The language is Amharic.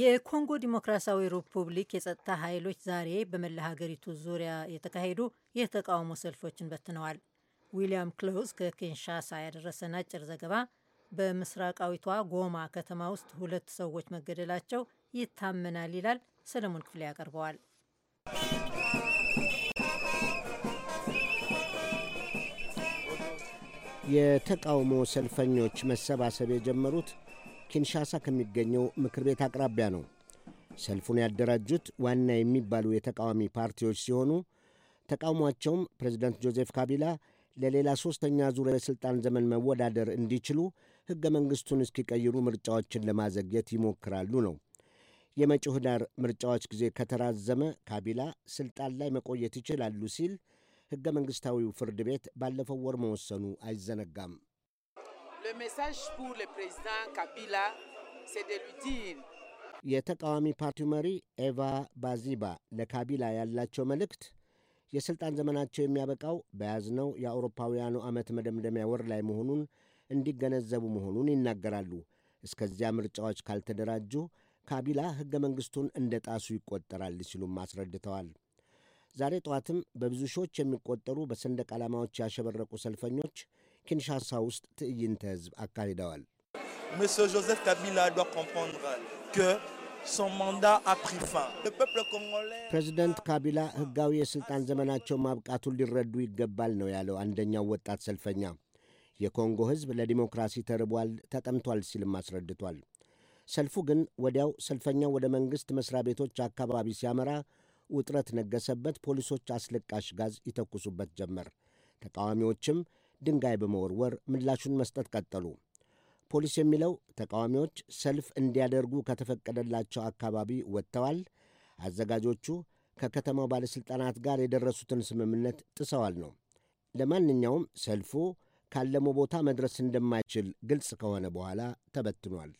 የኮንጎ ዲሞክራሲያዊ ሪፑብሊክ የጸጥታ ኃይሎች ዛሬ በመላ ሀገሪቱ ዙሪያ የተካሄዱ የተቃውሞ ሰልፎችን በትነዋል። ዊሊያም ክሎዝ ከኪንሻሳ ያደረሰን አጭር ዘገባ በምስራቃዊቷ ጎማ ከተማ ውስጥ ሁለት ሰዎች መገደላቸው ይታመናል ይላል። ሰለሞን ክፍሌ ያቀርበዋል። የተቃውሞ ሰልፈኞች መሰባሰብ የጀመሩት ኪንሻሳ ከሚገኘው ምክር ቤት አቅራቢያ ነው። ሰልፉን ያደራጁት ዋና የሚባሉ የተቃዋሚ ፓርቲዎች ሲሆኑ ተቃውሟቸውም ፕሬዚዳንት ጆዜፍ ካቢላ ለሌላ ሦስተኛ ዙር የሥልጣን ዘመን መወዳደር እንዲችሉ ሕገ መንግሥቱን እስኪቀይሩ ምርጫዎችን ለማዘግየት ይሞክራሉ ነው። የመጪው ኅዳር ምርጫዎች ጊዜ ከተራዘመ ካቢላ ሥልጣን ላይ መቆየት ይችላሉ ሲል ሕገ መንግሥታዊው ፍርድ ቤት ባለፈው ወር መወሰኑ አይዘነጋም። Le message pour le président Kabila, c'est de lui dire የተቃዋሚ ፓርቲው መሪ ኤቫ ባዚባ ለካቢላ ያላቸው መልእክት የሥልጣን ዘመናቸው የሚያበቃው በያዝነው የአውሮፓውያኑ ዓመት መደምደሚያ ወር ላይ መሆኑን እንዲገነዘቡ መሆኑን ይናገራሉ። እስከዚያ ምርጫዎች ካልተደራጁ ካቢላ ሕገ መንግሥቱን እንደ ጣሱ ይቆጠራል ሲሉም አስረድተዋል። ዛሬ ጠዋትም በብዙ ሺዎች የሚቆጠሩ በሰንደቅ ዓላማዎች ያሸበረቁ ሰልፈኞች ኪንሻሳ ውስጥ ትዕይንተ ህዝብ አካሂደዋል። ሚስተር ካቢላ ዶ ኮምፕሮንድር ፕሬዚደንት ካቢላ ሕጋዊ የሥልጣን ዘመናቸው ማብቃቱን ሊረዱ ይገባል ነው ያለው አንደኛው ወጣት ሰልፈኛ። የኮንጎ ሕዝብ ለዲሞክራሲ ተርቧል፣ ተጠምቷል ሲልም አስረድቷል። ሰልፉ ግን ወዲያው ሰልፈኛው ወደ መንግሥት መሥሪያ ቤቶች አካባቢ ሲያመራ ውጥረት ነገሰበት። ፖሊሶች አስለቃሽ ጋዝ ይተኩሱበት ጀመር። ተቃዋሚዎችም ድንጋይ በመወርወር ምላሹን መስጠት ቀጠሉ። ፖሊስ የሚለው ተቃዋሚዎች ሰልፍ እንዲያደርጉ ከተፈቀደላቸው አካባቢ ወጥተዋል፣ አዘጋጆቹ ከከተማው ባለሥልጣናት ጋር የደረሱትን ስምምነት ጥሰዋል ነው። ለማንኛውም ሰልፉ ካለመው ቦታ መድረስ እንደማይችል ግልጽ ከሆነ በኋላ ተበትኗል።